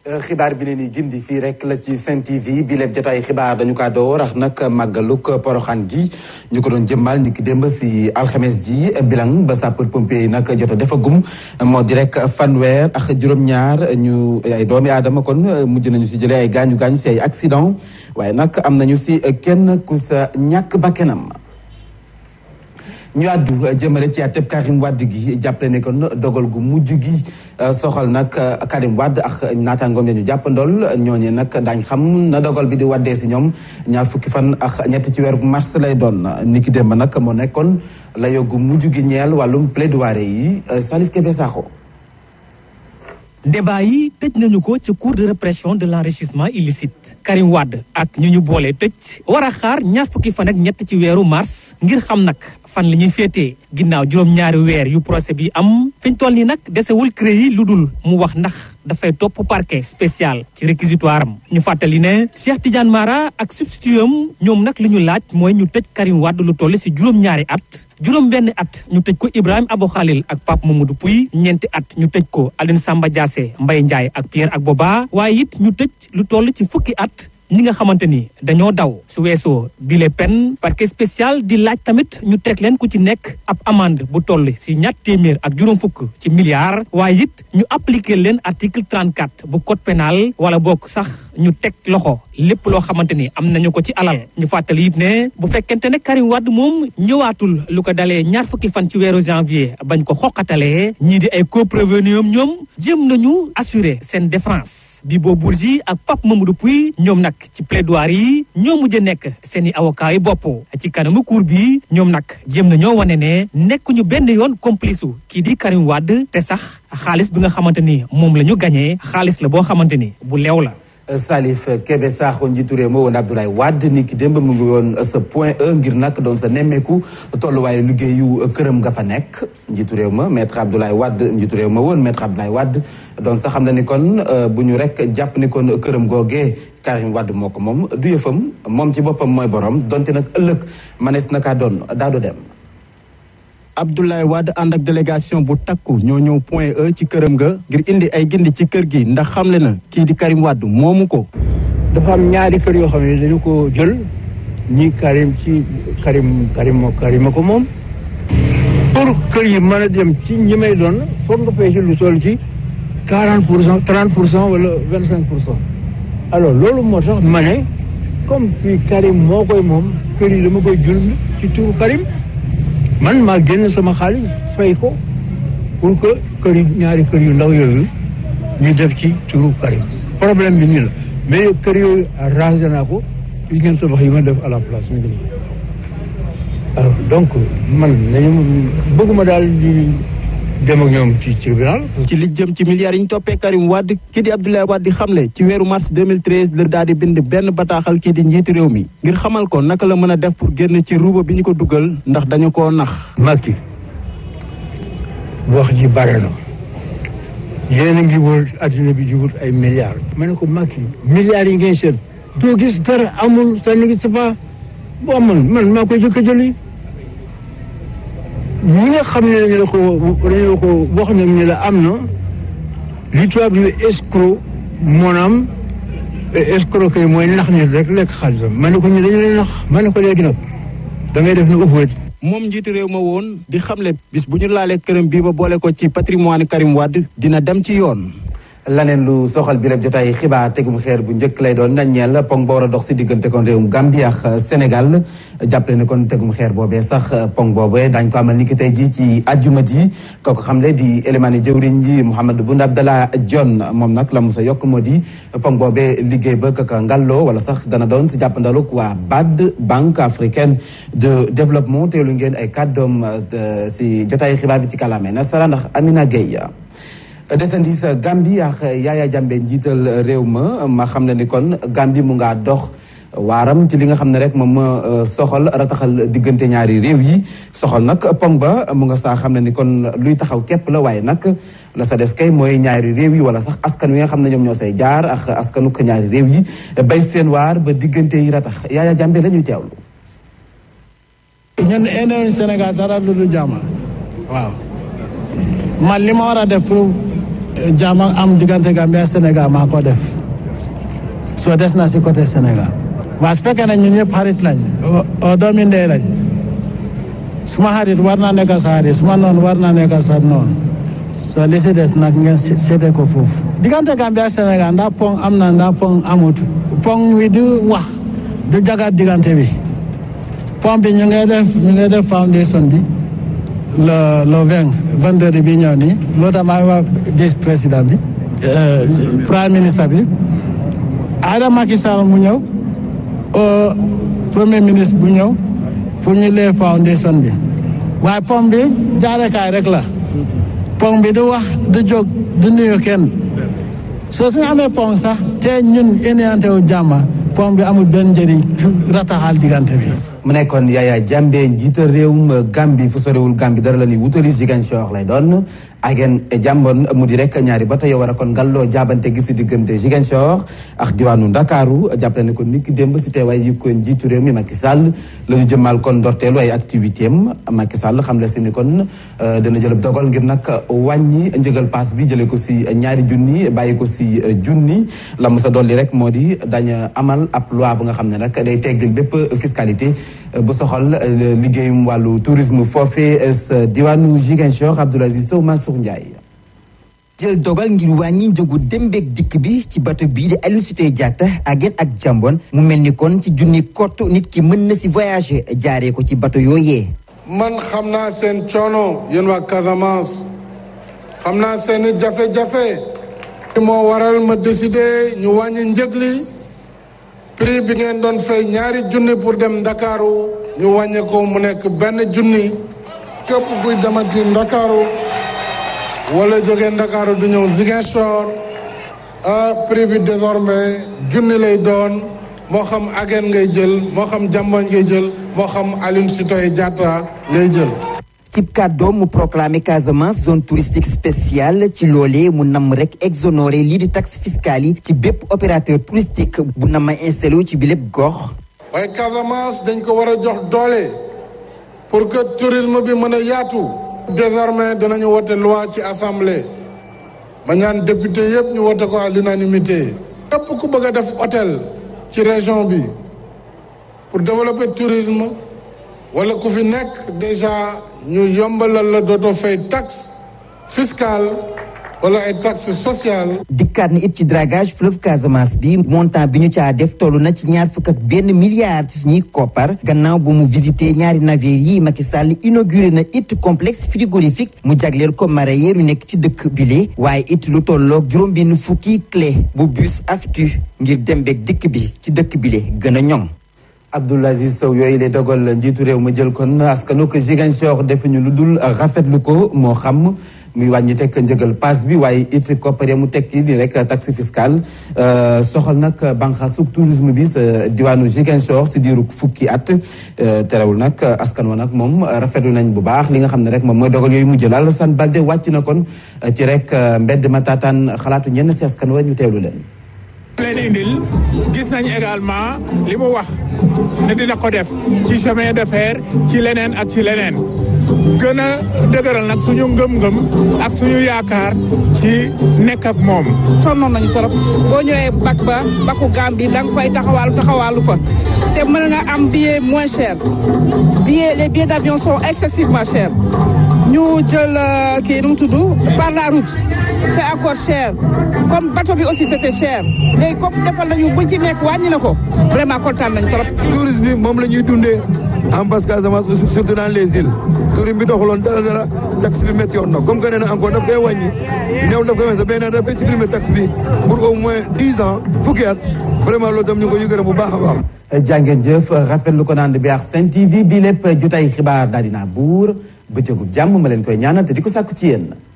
xibaar bi leen di gindi fii rek la ci Sen TV bi lépp jotaay xibaar dañu kaa door ak nag màggaluk poroxaan gi ñu ko doon jëmmal ñu ki démb si alxames ji bilang ba sapeur pompier yi nag jot a defagum moo di rek fanweer ak juróom-ñaar ñu ay doomi aadama kon mujj nañu si jëlee ay gaañu gaañu si ay accident waaye nag am nañu si kenn ku sa ñàkk bakkenam ñu àddu euh, jëmale ci àtteb Karim Wade gi jàppale ne kon dogal gu mujj gi euh, soxal nag euh, Karim Wade ak naataangoom ya ñu jàppandool ñooñu nag daañ xam na dogal bi di waddee si ñoom ñaar fukki fan ak ñett ci weeru mars lay doon niki démb nag moo nekkoon la yoggu mujj gi ñeel wàllum plaidoirie yi Salif Kébé Sakho débat yi tëj nañu ko ci cour de répression de l'enrichissement illicite Karim Wade ak ñu ñu boole tëj war a xaar ñaar fukki fan ak ñett ci weeru mars ngir xam nag fan la ñuy féetee ginnaaw juróom-ñaari weer yu procès bi am fi ñu toll nii nag desewul cré yi lu dul mu wax ndax dafay topp parquet spécial ci réquisitoire am ñu fàttali ne Cheikh Tidiane Mara ak substitut am ñoom nag li ñu laaj mooy ñu tëj Karim Wade lu toll si juróom-ñaari at juróom-benn at ñu tëj ko Ibrahima Abou Khalil ak Pape Mamadou Pouy ñeenti at ñu tëj ko Aline Samba Kassé mbay Ndiaye ak Pierre ak Boba waaye it ñu tëj lu toll ci fukki at ñi nga xamante ni dañoo daw su weesoo bi les peines parquet di laaj tamit ñu teg leen ko ci nekk ab amende bu toll si ñatt téeméer ak juróom fukk ci milliards waaye it ñu appliquer leen article 34 bu code pénal wala bokk sax ñu teg loxo lépp loo xamante ni am nañu ko ci alal ñu fàttali ne bu fekkente ne Karim Wade moom ñëwaatul lu ko dalee ñaar fukki fan ci weeru janvier bañ ko xoqatalee ñii di ay co-prévenus ñoom jéem nañu assurer seen bi Bibo Bourgi ak Pape Mamadou Pouy ñoom nag ci plaidoirie yi ñoo mujj nekk seen i avocats bopp ci kanamu cour bi ñoom nag jéem nañoo wane ne nekkuñu benn yoon complice kii di Karim Wade te sax xaalis bi nga xamante ni moom la ñu gañee xaalis la boo xamante ni bu leew la Salif Kébé Sakho njiitu réew ma woon Abdoulaye Wade ni ki démb mu ngi woon sa point e ngir nag doon sa nemmeeku tolluwaayu liggéeyu këram nga fa nekk njiitu réew ma maître Abdoulaye Wade njiitu réew ma woon maître Abdoulaye Wade doon sa xam ne ni kon euh, bu ñu rek jàpp ni kon këram googee Karim Wade moo ko moom du yëfam moom ci boppam mooy borom donte nag ëllëg manees na kaa doon daado dem Abdoulaye Wade ànd ak délégation bu takku ñoo ñëw point E ci këram nga ngir indi ay gindi ci kër gi ndax xamle na kii di Karim Wade moomu ko. dafa am ñaari kër yoo xam ne dañu ko jël ñi Karim ci Karim Karim Karim ko moom. pour kër yi mën a dem ci ñi doon foog nga ci lu pour cent pour cent wala vingt cinq pour cent. alors loolu moo tax ma ne comme fii Karim moo koy moom kër yi dama koy jël ci turu Karim. man maa génn sama xaalis fay ko pour que kër yu ñaari kër yu ndaw yooyu ñu def ci turu Karim problème bi nii la mais kër yooyu rangé naa ko yu ngeen tabax yi ma def à la place ñu alors donc man nañu bëgguma daal di dem ak ñoom ci tribunal ci li jëm ci milliards yi ñu toppee Karim Wade kii di Abdoulaye Wade di xamle ci weeru mars 2013 la daal di bind benn bataaxal kii di njiiti réew mi ngir xamal ko naka la mën a def pour génn ci ruuba bi ñu ko dugal ndax dañu koo nax. Macky wax ji bare na yéen a ngi wër adduna bi di wut ay milliards. ma ne ko Macky milliards yi ngeen seet doo gis dara amul sa nigi sa fa bu amoon man maa koy jëkk a jëli ñi nga xam ne dañu la ko wax ne ni la am na li tubaab di escroc moonaam escroquer eh, mooy nax nit rek lekk xaalisam ma ne ko ñu dañu leen nax ma ko léegi nag da ngay def na ufuwét moom njiit réew ma woon di xam xamle bis bu ñu laalee këram bii ba boole ko ci patrimoine Karim Wade dina dem ci yoon laneen lu soxal bi rek jotaay xibaar tegum xeer bu njëkk lay doon ñeel pong ba war a dox si diggante kon réewum Gambie ak euh, Sénégal jàppale ne kon tegum xeer boobee sax euh, pong boobee daañ ko amal ni tey ji ci ajjuma ji kooku xamle di élémani jëwriñ ji Mouhamadou Boun dala Dionne moom nag la mu sa yokk moo di pong boobee liggéey ba kaka wala sax dana doon si jàppandaluk waa BAD Banque africaine de développement teelu ngeen ay kàddoom euh, si jotaay xibaar bi ci na nasara ndax Amina Gueye desandi sa Gambie ak Yaya Jammeh njiital réew ma ma xam ne ni kon Gambie mu ngaa dox waaram ci li nga xam ne rek moom ma euh, soxal rataxal diggante ñaari réew yi soxol nag pong ba mu nga sa xam ne ni kon luy taxaw képp la waaye nag la sa des kay mooy ñaari réew yi wala sax askan wi nga xam ne ñoom ñoo say jaar ak askanu ko ñaari réew yi bay seen waar ba diggante yi ratax Yaya Jammeh la ñuy teewlu. ñun Sénégal dara lu dul jàmm waaw man li ma war jaam a am diggante Gambia Sénégal maa ko def soo des na si côté Sénégal waaye su fekkee ne ñun ñëpp xarit lañ doomi ndey lañ suma xarit war naa nekk sa xarit suma noonu war naa nekk sa noonu soo li si des nag ngeen seete ko foofu diggante Gambia Sénégal ndax pong am na ndax pong amut pong wi du wax du jagaat diggante bi pong bi ñu ngay def ñu ngay def foundation bi le le vingt vingt bi ñëw ni loolu tam maa ngi wax vice président bi euh, premier ministre bi Adama Macky Sall mu ñëw euh, premier ministre bu ñëw pour ñu lay foundation bi waaye pom bi jaarekaay rek la pom bi du wax du jóg du nuyu kenn soo suñu amee pom sax te ñun énéante wu jàmma pom bi amul benn njëriñ rataxal diggante bi mu nekkoon Yaya Jammeh njiital réewum bi fu sorewul Gambie dara la ñuy wutali Ziguinchor lay doon Agen e Jàmboon mu di rek ñaari bato ya war a kon ngalloo jaabante gi si diggante Ziguinchor ak diwaanu Ndakaaru jàppale ne kon nit ki démb si teewaay yi ko njiitu réew mi Macky Sall la ñu kon ndorteelu ay activité am Macky Sall xam la si ni kon euh, dana jëlab dogal ngir nag wàññi njëgal paas bi jëlee ko si ñaari junni bàyyi ko si euh, junni la mu sa dolli rek moo di dañ amal ab loi bu nga xam ne nag day teggil dépp fiscalité euh, bu soxal liggéeyum wàllu tourisme foofee diwaanu Ziguinchor Mansour Ndiaye jël dogal ngir wàññi njëgu dem beeg dikk bi ci bato bii di Aline Sitoé Diatta ak Diambone mu mel ni kon ci junni kott nit ki mën na si voyager jaaree ko ci bato yooyee man xam naa seen coono yéen waa Casamance xam naa seen jafe-jafe moo waral ma décidé ñu wàññi njëg li prix bi ngeen doon fay ñaari junni pour dem ndakaaru ñu wàññi mu nekk benn junni képp kuy demati ndakaaru wala jógee Ndakaaru du ñëw Ziguinchor ah prix bi désormais junni lay doon moo xam Agen ngay jël moo xam Jambañ ngay jël moo xam Aline Sitoé Diatta ngay jël. cib kàddoom mu proclamé Casamance zone touristique spéciale ci loolee mu nam rek exonéré lii di taxe fiscale yi ci bépp opérateur touristique bu nam a wu ci bi lépp gox. waaye Casamance dañ ko war a jox doole pour que tourisme bi mën a yaatu. désormais danañu wote loi ci assemblée ma ñaan député yëpp ñu wote ko à l'unanimité képp ku bëgg def hôtel ci région bi pour développer tourisme wala ku fi nekk déjà ñu yombalal la dootoo fay taxe fiscale wala ay taxe sociale dikkaat na it ci dragage fleuve Casamance bi montant bi ñu caa def tollu na ci ñaar fukk ak benn milliard ci suñuy koppar gannaaw bu mu visité ñaari navire yi Macky Sall inauguré na it complexe frigorifique mu jagleel ko mareyeur yu nekk ci dëkk bile waaye it lu tolloog juróom benn fukki clé bu bus aftu ngir dem beeg dikk bi ci dëkk bile gën a ñoŋ Abdoul Aziz Sow yooyu lay dogal njiitu réew ma jël kon askanu ko Ziguinchor ñu lu dul rafetlu ko moo xam muy wàññi tekk njëgal paas bi waaye it koppare mu teg ci ni tax taxe fiscale euh, soxal nag banqaasu tourisme bi sa diwaanu Ziguinchor si diiru fukki at euh, terewul nag askan wa nag moom rafetlu nañ bu baax li nga xam ne rek moom mooy dogal yooyu mu jëlal san balde wàcc na kon ci rek euh, mbedd ma taataan xalaatu ñenn si askan wa ñu teewlu leen leen indil gis nañ également li mu wax na dina ko def ci chemin de fer ci leneen ak ci leneen gën a dëgëral nag suñu ngëm-ngëm ak suñu yaakaar ci nekk ak moom. sonnoon nañu trop boo ñëwee bac ba baku Gambie da nga fay taxawaalu taxawaalu fa te mën nga am billet moins cher billet les billets d'avion sont excessivement chers. ñu jël euh, kii nu mu tudd par la cher comme bateau bi aussi c'était cher léegi comme defal nañu bu ci nekk wàññi na ko vraiment kontaan nañ trop. tourisme bi moom la ñuy dundee. en basse Casamance aussi surtout dans les îles tourisme bi doxuloon dara dara taxe bi métti yoon na comme que nee na encore daf koy wàññi néew daf koy wàññi sax mais nee na bi pour au moins ans fukki at vraiment loolu tam ñu ngi ko ñu bu baax a baax. jàngeen jëf rafetlu ko naan bi ak Sen TV bi lépp jotaay xibaar daal dinaa buur bëccëgu jàmm ma leen koy ñaanal te di ko sàkk ci yéen.